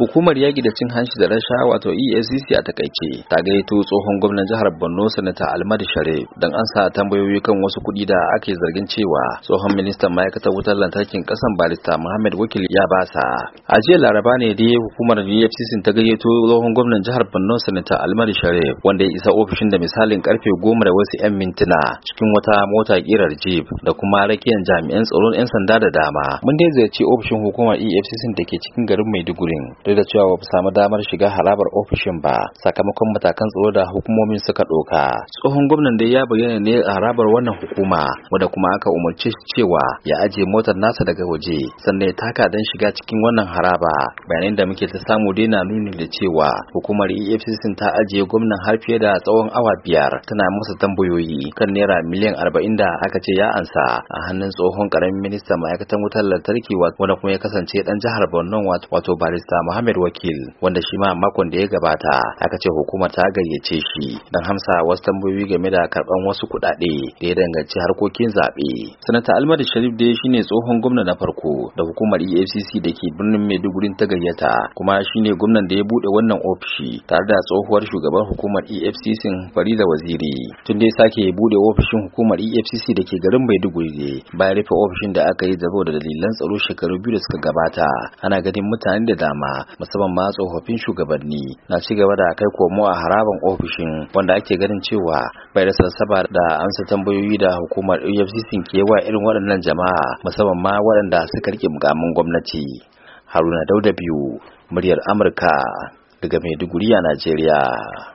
Hukumar yaƙi da cin hanci da rasha wato EFCC e a takaice ta gaito tsohon gwamnan jihar Borno Sanata Almad Sharif don an sa tambayoyi kan wasu kuɗi da ake zargin cewa tsohon ministan ma'aikatar wutar lantarkin ƙasan barista Muhammad Wakil ya basa. A jiya Laraba ne dai hukumar EACC ta gayyato tsohon gwamnan jihar Borno Sanata Almad Sharif wanda ya isa ofishin da misalin karfe goma da wasu 'yan mintuna cikin wata mota kirar jeep da kuma rakiyar jami'an tsaron 'yan sanda da dama. Mun dai ziyarci ofishin hukumar EFCC da ke cikin garin Maiduguri duk da cewa ba samu damar shiga harabar ofishin ba sakamakon matakan tsaro da hukumomin suka ɗauka tsohon gwamnan dai ya bayyana ne a harabar wannan hukuma wanda kuma aka umarce shi cewa ya ajiye motar nasa daga waje sannan ya taka dan shiga cikin wannan haraba bayanan da muke ta samu dai na nuni da cewa hukumar efcc ta ajiye gwamnan har fiye da tsawon awa biyar tana masa tambayoyi kan naira miliyan arba'in da aka ce ya ansa a hannun tsohon karamin ministan ma'aikatan wutar lantarki wanda kuma ya kasance dan jihar borno wato barista Muhammad Wakil wanda shi ma makon da ya gabata aka ce hukumar ta gayyace shi don hamsa wasu tambayoyi game da karban wasu kuɗaɗe da ya danganci harkokin zaɓe. Sanata almadu Sharif dai shine tsohon gwamna na farko da hukumar EFCC da ke birnin Maiduguri ta gayyata kuma shine gwamnan da ya buɗe wannan ofishi tare da tsohuwar shugaban hukumar EFCC Farida Waziri. Tun ya sake buɗe ofishin hukumar EFCC da ke garin Maiduguri bayan rufe ofishin da aka yi zabo da dalilan tsaro shekaru biyu da suka gabata ana ganin mutane da dama musamman ma tsofaffin shugabanni na ci gaba da kai komo a haraban ofishin wanda ake ganin cewa bai da sassaba da amsa tambayoyi da hukumar EFCC ke wa irin waɗannan jama'a musamman ma waɗanda suka rike mukamin gwamnati. Haruna Dauda biyu muryar Amurka daga Maiduguri a Najeriya.